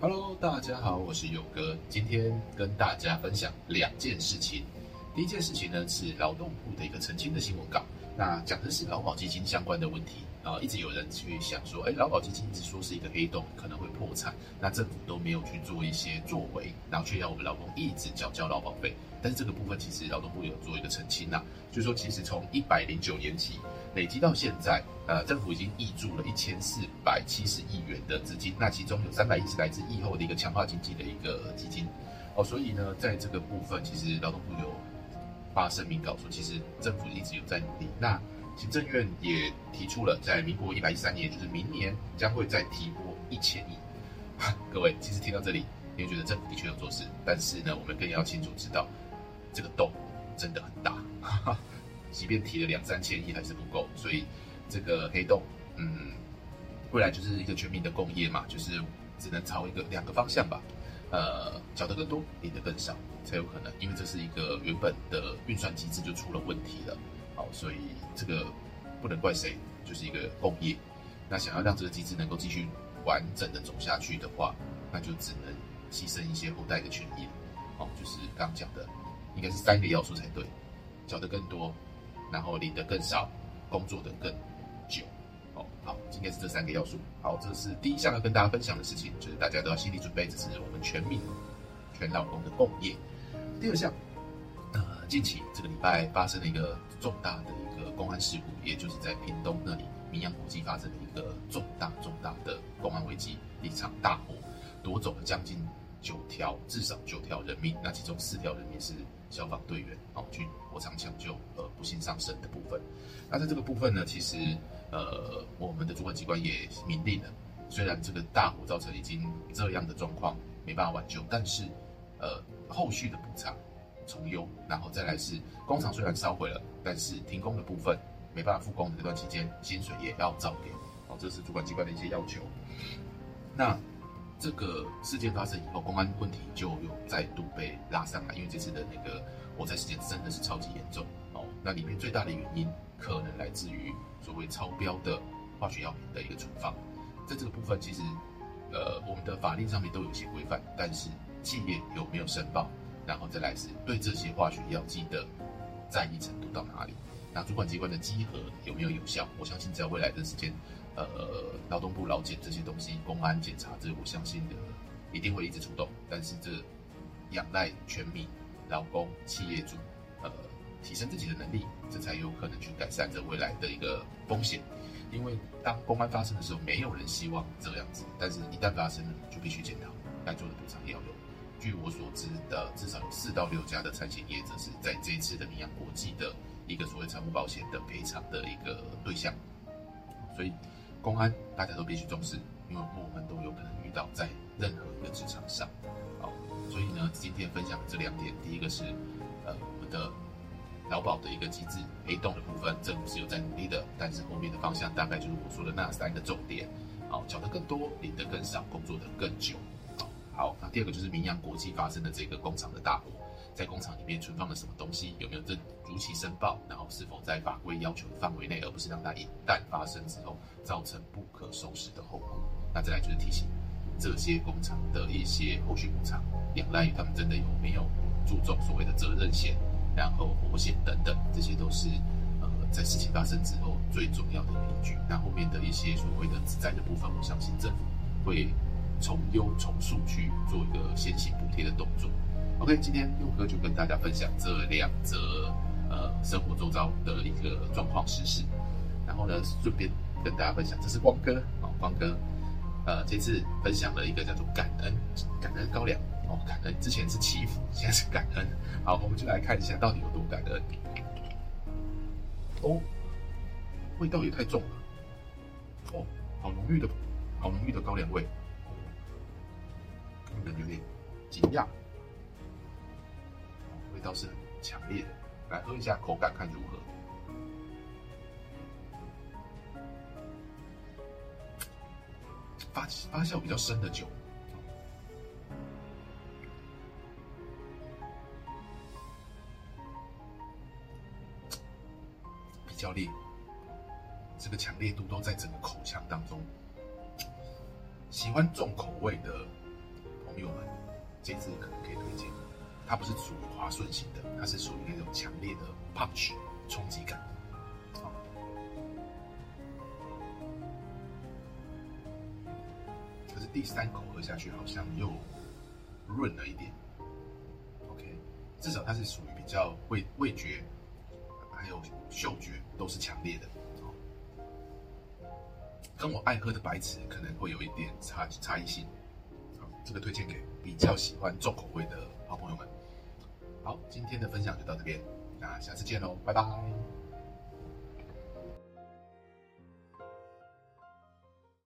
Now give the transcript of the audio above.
Hello，大家好，我是佑哥。今天跟大家分享兩件事情。第一件事情呢是勞動部的一個澄清的新聞稿，那講的是勞保基金相關的問題。啊，一直有人去想說，哎，勞保基金一直說是一個黑洞，可能會破產，那政府都沒有去做一些作為，然後卻讓我們勞工一直繳交勞，勞保費。但是這個部分其實勞動部有做一個澄清吶、啊，就是說其實從一百零九年起。累積到現在，呃，政府已經挹注了一千四百七十億元的資金，那其中有三百億是來自疫後的一個強化經濟的一個基金。哦，所以呢，在這個部分，其實勞動部有發聲明告說告訴其實政府一直有在努力。那行政院也提出了在民國一百一十三年，就是明年將會再提撥一千億。各位，其實聽到這裡，你會覺得政府的確有做事，但是呢，我們更要清楚知道，這個洞真的很大。呵呵即便提了兩三千億還是不夠，所以這個黑洞，嗯，未來就是一個全民的共業嘛，就是只能朝一個兩個方向吧，呃，繳得更多，領得更少才有可能，因為這是一個原本的運算機制就出了問題了，好，所以這個不能怪誰，就是一個共業，那想要讓這個機制能夠繼續完整地走下去的話，那就只能犧牲一些後代的權益了，好、哦，就是剛剛講的，應該是三個要素才對，繳得更多。然後領得更少，工作的更久，哦，好，今天是這三個要素，好，這是第一項要跟大家分享的事情，就是大家都要心理準備，這是我們全民全勞工的共業。第二項，呃，近期這個禮拜發生了一個重大的一個公安事故，也就是在屏東那裡，明揚國際發生了一個重大重大的公安危機，一場大火，奪走了將近。九條，至少九條人命，那其中四條人命是消防隊員哦，去火場搶救，呃，不幸喪生的部分。那在這個部分呢，其實呃，我們的主管機關也明令了，雖然這個大火造成已經這樣的狀況，沒辦法挽救，但是呃，後續的補償從優，然後再來是工廠雖然燒毀了，但是停工的部分沒辦法復工的這段期間，薪水也要照給哦，這是主管機關的一些要求。那。這個事件發生以後，工安問題就又再度被拉上來，因為這次的那個火災事件真的是超級嚴重哦。那裡面最大的原因可能來自於所謂超標的化學藥品的一個存放，在這個部分其實，呃，我們的法令上面都有些規範，但是企業有沒有申報，然後再來是對這些化學藥劑的在意程度到哪裡，那主管機關的稽核有沒有有效？我相信在未來的時間。呃，勞動部勞檢這些東西，公安檢查這，我相信的、呃、一定會一直出動。但是這仰賴全民勞工企業主呃提升自己的能力，這才有可能去改善這未來的一個風險。因為當公安發生的時候，沒有人希望這樣子。但是一旦發生，就必須檢討，該做的補償也要有。據我所知的，至少有四到六家的產險業者是在這一次的明揚國際的一個所謂財務保險的賠償的一個對象，所以。工安，大家都必須重視，因為我們都有可能遇到在任何一個職場上，啊，所以呢，今天分享的這兩點，第一個是，呃，我們的勞保的一個機制黑洞的部分，政府是有在努力的，但是後面的方向大概就是我說的那三個重點，好，繳的更多，領的更少，工作的更久好，好，那第二個就是明揚國際發生的這個工廠的大火。在工廠裡面存放了什麼東西？有沒有正如期申報？然後是否在法規要求的範圍內？而不是讓它一旦發生之後造成不可收拾的後果。那再來就是提醒這些工廠的一些後續補償，仰賴於他們真的有沒有注重所謂的責任險、然後保險等等，這些都是呃在事情發生之後最重要的依據。那後面的一些所謂的賑災的部分，我相信政府會從優從速去做一個先行補貼的動作。OK，今天佑哥就跟大家分享這兩則呃生活周遭的一個狀況時事，然後呢，順便跟大家分享，這是光哥哦，光哥，呃，這次分享了一個叫做感恩感恩高粱哦，感恩之前是祈福，現在是感恩，好，我們就來看一下到底有多感恩。哦，味道也太重了，哦，好濃郁的，好濃郁的高粱味，讓人有點驚訝。味道是很強烈的，來喝一下口感看如何。發發酵比較深的酒，比較烈，這個強烈度都在整個口腔當中。喜歡重口味的朋友們，這次它不是屬於滑順型的，它是屬於那種強烈的 punch 衝擊感。哦。可是第三口喝下去，好像又潤了一點。OK，至少它是屬於比較味味覺還有嗅覺都是強烈的。哦。跟我愛喝的白瓷可能會有一點差差異性。哦，這個推薦給比較喜歡重口味的。好，今天的分享就到這邊，那下次見嘍，拜拜。